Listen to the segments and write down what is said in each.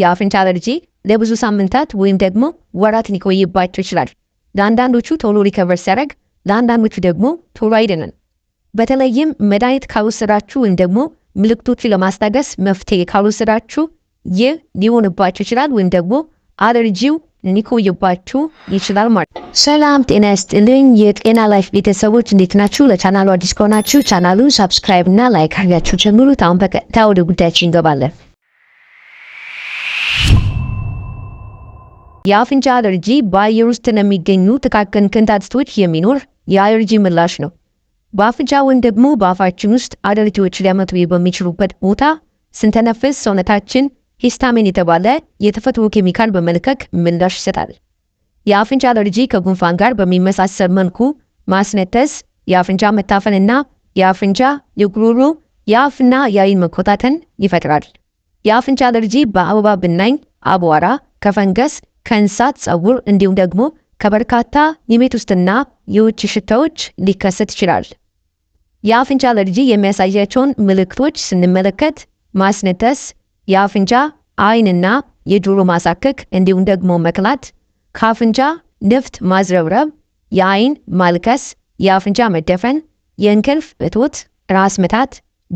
የአፍንጫ አለርጂ ለብዙ ሳምንታት ወይም ደግሞ ወራት ሊቆይባቸው ይችላል። ለአንዳንዶቹ ቶሎ ሪከቨር ሲያደርግ፣ ለአንዳንዶቹ ደግሞ ቶሎ አይደለም። በተለይም መድኃኒት ካልወሰዳችሁ ወይም ደግሞ ምልክቶቹ ለማስታገስ መፍትሄ ካልወሰዳችሁ ይህ ሊሆንባችሁ ይችላል ወይም ደግሞ አለርጂው ሊቆይባችሁ ይችላል ማለት ሰላም ጤና ይስጥልኝ የጤና ላይፍ ቤተሰቦች እንዴት ናችሁ? ለቻናሉ አዲስ ከሆናችሁ ቻናሉን ሳብስክራይብ እና ላይክ አርጋችሁ ጀምሩት። አሁን በቀጥታ ወደ ጉዳያችን እንገባለን። የአፍንጫ አለርጂ በአየር ውስጥ ለሚገኙ ጥቃቅን ክንታትቶች የሚኖር የአለርጂ ምላሽ ነው። በአፍንጫ ወይም ደግሞ በአፋችን ውስጥ አለርጂዎች ሊያመጡ በሚችሉበት ቦታ ስንተነፍስ ሰውነታችን ሂስታሚን የተባለ የተፈጥሮ ኬሚካል በመልቀቅ ምላሽ ይሰጣል። የአፍንጫ አለርጂ ከጉንፋን ጋር በሚመሳሰል መልኩ ማስነተስ የአፍንጫ መታፈንና የአፍንጫ የጉሮሮ የአፍና የአይን መኮታተን ይፈጥራል። የአፍንጫ አለርጂ በአበባ ብናኝ፣ አቧራ ከፈንገስ ከእንስሳት ፀጉር እንዲሁም ደግሞ ከበርካታ የቤት ውስጥና የውጭ ሽታዎች ሊከሰት ይችላል። የአፍንጫ አለርጂ የሚያሳያቸውን ምልክቶች ስንመለከት ማስነጠስ፣ የአፍንጫ አይንና የጆሮ ማሳከክ እንዲሁም ደግሞ መቅላት፣ ከአፍንጫ ንፍጥ ማዝረብረብ፣ የአይን ማልከስ የአፍንጫ መደፈን፣ የእንቅልፍ እጦት፣ ራስ ምታት፣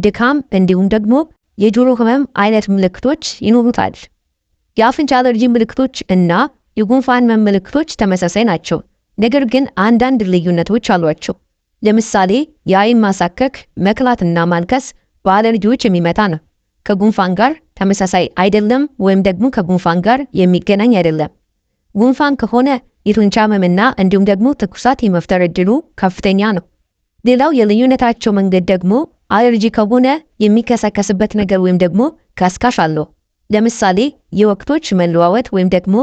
ድካም እንዲሁም ደግሞ የጆሮ ህመም አይነት ምልክቶች ይኖሩታል። የአፍንጫ አለርጂ ምልክቶች እና የጉንፋን ህመም ምልክቶች ተመሳሳይ ናቸው፣ ነገር ግን አንዳንድ ልዩነቶች አሏቸው። ለምሳሌ የአይን ማሳከክ፣ መክላትና ማልከስ በአለርጂዎች የሚመጣ ነው። ከጉንፋን ጋር ተመሳሳይ አይደለም፣ ወይም ደግሞ ከጉንፋን ጋር የሚገናኝ አይደለም። ጉንፋን ከሆነ የጡንቻ ህመምና እንዲሁም ደግሞ ትኩሳት የመፍጠር እድሉ ከፍተኛ ነው። ሌላው የልዩነታቸው መንገድ ደግሞ አለርጂ ከሆነ የሚከሰከስበት ነገር ወይም ደግሞ ከስካሽ አለው። ለምሳሌ የወቅቶች መለዋወጥ ወይም ደግሞ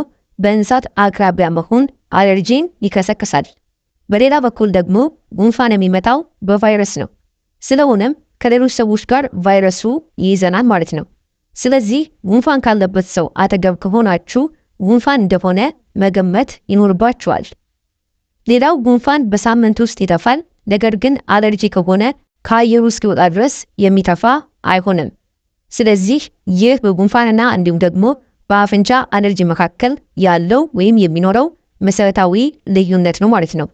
በእንስሳት አቅራቢያ መሆን አለርጂን ይከሰከሳል። በሌላ በኩል ደግሞ ጉንፋን የሚመጣው በቫይረስ ነው። ስለሆነም ከሌሎች ሰዎች ጋር ቫይረሱ ይይዘናል ማለት ነው። ስለዚህ ጉንፋን ካለበት ሰው አጠገብ ከሆናችሁ ጉንፋን እንደሆነ መገመት ይኖርባችኋል። ሌላው ጉንፋን በሳምንት ውስጥ ይተፋል ነገር ግን አለርጂ ከሆነ ከአየሩ እስኪወጣ ድረስ የሚተፋ አይሆንም። ስለዚህ ይህ በጉንፋንና እንዲሁም ደግሞ በአፍንጫ አለርጂ መካከል ያለው ወይም የሚኖረው መሰረታዊ ልዩነት ነው ማለት ነው።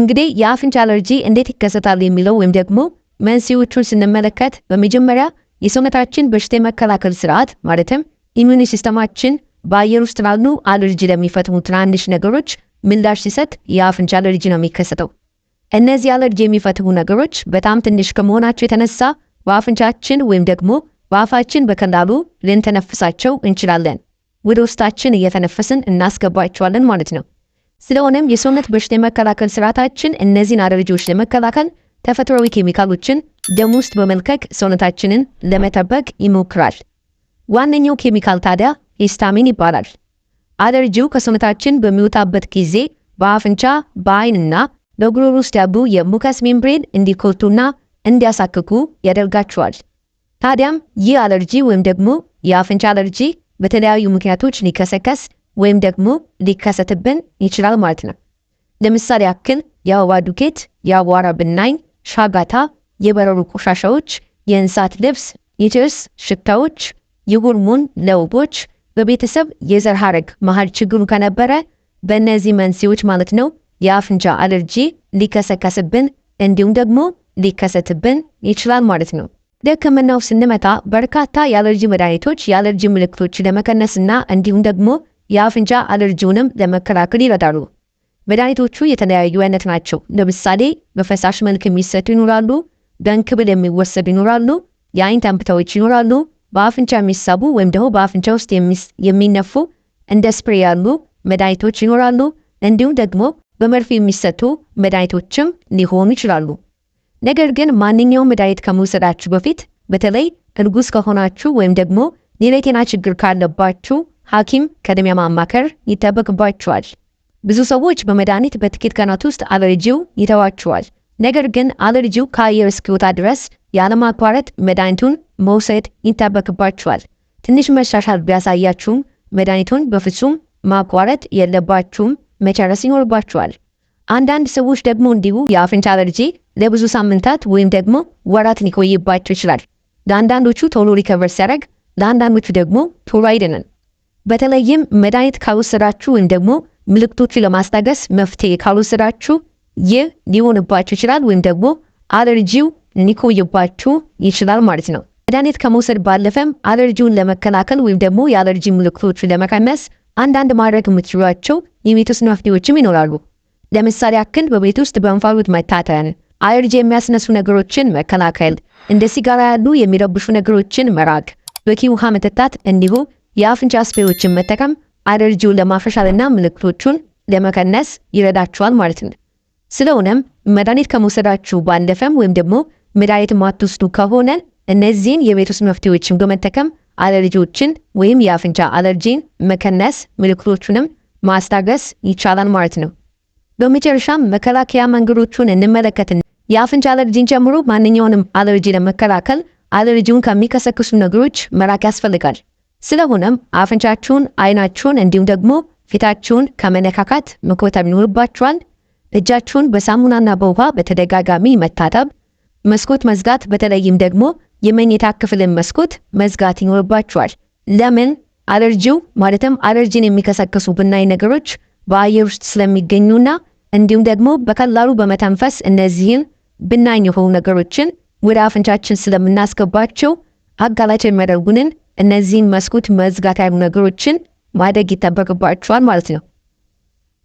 እንግዲህ የአፍንጫ አለርጂ እንዴት ይከሰታል የሚለው ወይም ደግሞ መንስኤዎቹን ስንመለከት በመጀመሪያ የሰውነታችን በሽታ የመከላከል ስርዓት ማለትም ኢሚኒ ሲስተማችን በአየር ውስጥ ላሉ አለርጂ ለሚፈጥሙ ትናንሽ ነገሮች ምላሽ ሲሰጥ የአፍንጫ አለርጂ ነው የሚከሰተው። እነዚህ አለርጂ የሚፈትሙ ነገሮች በጣም ትንሽ ከመሆናቸው የተነሳ በአፍንጫችን ወይም ደግሞ በአፋችን በቀላሉ ልንተነፍሳቸው እንችላለን። ወደ ውስጣችን እየተነፈስን እናስገባቸዋለን ማለት ነው። ስለሆነም የሰውነት በሽታ የመከላከል ስርዓታችን እነዚህን አደረጃዎች ለመከላከል ተፈጥሯዊ ኬሚካሎችን ደም ውስጥ በመልከክ ሰውነታችንን ለመጠበቅ ይሞክራል። ዋነኛው ኬሚካል ታዲያ ሂስታሚን ይባላል። አለርጂው ከሰውነታችን በሚወጣበት ጊዜ በአፍንጫ በአይንና በጉሮሮ ውስጥ ያሉ የሙከስ ሜምብሬን እንዲኮልቱና እንዲያሳክኩ ያደርጋቸዋል። ታዲያም ይህ አለርጂ ወይም ደግሞ የአፍንጫ አለርጂ በተለያዩ ምክንያቶች ሊከሰከስ ወይም ደግሞ ሊከሰትብን ይችላል ማለት ነው። ለምሳሌ ያክል የአበባ ዱቄት፣ የአቧራ ብናኝ፣ ሻጋታ፣ የበረሩ ቆሻሻዎች፣ የእንስሳት ልብስ፣ የትርስ ሽታዎች፣ የሆርሞን ለውቦች በቤተሰብ የዘር ሐረግ መሀል ችግሩ ከነበረ በእነዚህ መንስኤዎች ማለት ነው የአፍንጫ አለርጂ ሊከሰከስብን እንዲሁም ደግሞ ሊከሰትብን ይችላል ማለት ነው። ወደ ሕክምናው ስንመጣ በርካታ የአለርጂ መድኃኒቶች የአለርጂ ምልክቶች ለመቀነስና እንዲሁም ደግሞ የአፍንጫ አለርጂውንም ለመከላከል ይረዳሉ። መድኃኒቶቹ የተለያዩ አይነት ናቸው። ለምሳሌ በፈሳሽ መልክ የሚሰጡ ይኖራሉ፣ በእንክብል የሚወሰዱ ይኖራሉ፣ የአይን ጠብታዎች ይኖራሉ፣ በአፍንጫ የሚሳቡ ወይም ደግሞ በአፍንጫ ውስጥ የሚነፉ እንደ ስፕሬ ያሉ መድኃኒቶች ይኖራሉ። እንዲሁም ደግሞ በመርፌ የሚሰጡ መድኃኒቶችም ሊሆኑ ይችላሉ። ነገር ግን ማንኛውም መድኃኒት ከመውሰዳችሁ በፊት በተለይ እርጉዝ ከሆናችሁ ወይም ደግሞ ሌላ የጤና ችግር ካለባችሁ ሐኪም ቀድሞ ማማከር ይጠበቅባችኋል። ብዙ ሰዎች በመድኃኒት በጥቂት ቀናት ውስጥ አለርጂው ይተዋችዋል ነገር ግን አለርጂው ከአየር እስኪወጣ ድረስ ያለማቋረጥ መድኃኒቱን መውሰድ ይጠበቅባችኋል። ትንሽ መሻሻል ቢያሳያችሁም መድኃኒቱን በፍጹም ማቋረጥ የለባችሁም፣ መጨረስ ይኖርባችኋል። አንዳንድ ሰዎች ደግሞ እንዲሁ የአፍንጫ አለርጂ ለብዙ ሳምንታት ወይም ደግሞ ወራት ሊቆይባቸው ይችላል። ለአንዳንዶቹ ቶሎ ሪከቨር ሲያደርግ፣ ለአንዳንዶቹ ደግሞ ቶሎ አይደለም። በተለይም መድኃኒት ካልወሰዳችሁ ወይም ደግሞ ምልክቶቹ ለማስታገስ መፍትሄ ካልወሰዳችሁ ይህ ሊሆንባችሁ ይችላል ወይም ደግሞ አለርጂው ሊቆይባችሁ ይችላል ማለት ነው። መድኃኒት ከመውሰድ ባለፈም አለርጂውን ለመከላከል ወይም ደግሞ የአለርጂ ምልክቶቹ ለመቀነስ አንዳንድ ማድረግ የምትችሏቸው የቤት ውስጥ መፍትሄዎችም ይኖራሉ። ለምሳሌ ያክል በቤት ውስጥ በእንፋሎት መታተን፣ አለርጂ የሚያስነሱ ነገሮችን መከላከል፣ እንደ ሲጋራ ያሉ የሚረብሹ ነገሮችን መራቅ፣ በቂ ውሃ መጠጣት እንዲሁም የአፍንጫ ስፕሬዎችን መጠቀም አለርጂውን ለማሻሻልና ምልክቶቹን ለመቀነስ ይረዳችኋል ማለት ነው። ስለሆነም መድኃኒት ከመውሰዳችሁ ባለፈም ወይም ደግሞ መድኃኒት ማትወስዱ ከሆነ እነዚህን የቤት ውስጥ መፍትሄዎችን በመጠቀም አለርጂዎችን ወይም የአፍንጫ አለርጂን መቀነስ፣ ምልክቶቹንም ማስታገስ ይቻላል ማለት ነው። በመጨረሻም መከላከያ መንገዶቹን እንመለከት የአፍንጫ አለርጂን ጨምሮ ማንኛውንም አለርጂ ለመከላከል አለርጂውን ከሚቀሰቅሱ ነገሮች መራቅ ያስፈልጋል። ስለሆነም አፍንጫችሁን፣ አይናችሁን እንዲሁም ደግሞ ፊታችሁን ከመነካካት መቆጠብ ይኖርባችኋል። እጃችሁን በሳሙናና በውሃ በተደጋጋሚ መታጠብ፣ መስኮት መዝጋት፣ በተለይም ደግሞ የመኝታ ክፍልን መስኮት መዝጋት ይኖርባችኋል። ለምን? አለርጂው ማለትም አለርጂን የሚቀሰቅሱ ብናኝ ነገሮች በአየር ውስጥ ስለሚገኙና እንዲሁም ደግሞ በቀላሉ በመተንፈስ እነዚህን ብናኝ የሆኑ ነገሮችን ወደ አፍንጫችን ስለምናስገባቸው አጋላጭ የሚያደርጉንን እነዚህን መስኮት መዝጋት ያሉ ነገሮችን ማደግ ይጠበቅባቸዋል ማለት ነው።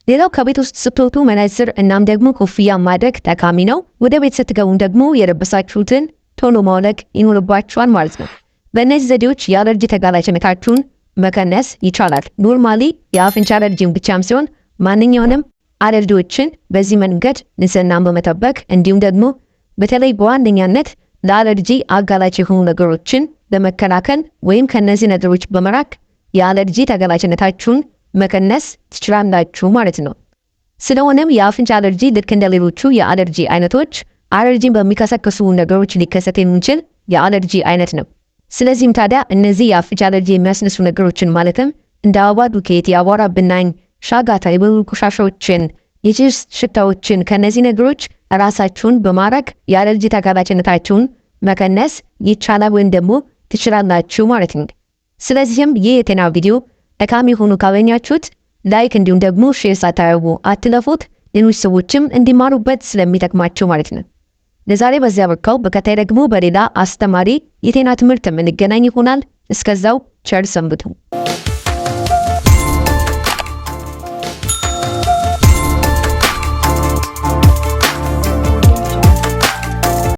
ሌላው ከቤት ውስጥ ስትወጡ መነጽር እናም ደግሞ ኮፍያ ማድረግ ጠቃሚ ነው። ወደ ቤት ስትገቡም ደግሞ የለበሳችሁትን ቶሎ ማውለቅ ይኖርባችኋል ማለት ነው። በእነዚህ ዘዴዎች የአለርጂ ተጋላጭነታችሁን መቀነስ ይቻላል። ኖርማሊ የአፍንጫ አለርጂም ብቻም ሲሆን ማንኛውንም አለልዶችን በዚህ መንገድ ንጽህናን በመጠበቅ እንዲሁም ደግሞ በተለይ በዋነኛነት ለአለርጂ አጋላጭ የሆኑ ነገሮችን በመከላከል ወይም ከነዚህ ነገሮች በመራክ የአለርጂ ተጋላጭነታችሁን መቀነስ ትችላላችሁ ማለት ነው። ስለሆነም የአፍንጫ አለርጂ ልክ እንደ ሌሎቹ የአለርጂ አይነቶች አለርጂን በሚከሰከሱ ነገሮች ሊከሰት የሚችል የአለርጂ አይነት ነው። ስለዚህም ታዲያ እነዚህ የአፍንጫ አለርጂ የሚያስነሱ ነገሮችን ማለትም እንደ አበባ ዱቄት፣ የአቧራ ብናኝ ሻጋታ የብዙ ቆሻሻዎችን የጭስ ሽታዎችን ከነዚህ ነገሮች ራሳችሁን በማራቅ የአለርጂ ተጋላጭነታችሁን መቀነስ ይቻላል ወይም ደግሞ ትችላላችሁ ማለት ነው። ስለዚህም ይህ የጤና ቪዲዮ ጠቃሚ ሆኑ ካገኛችሁት ላይክ እንዲሁም ደግሞ ሼር ሳታደርጉ አትለፉት፣ ሌሎች ሰዎችም እንዲማሩበት ስለሚጠቅማቸው ማለት ነው። ለዛሬ በዚያ በቃው። በቀጣይ ደግሞ በሌላ አስተማሪ የጤና ትምህርት የምንገናኝ ይሆናል። እስከዛው ቸር ሰንብቱ።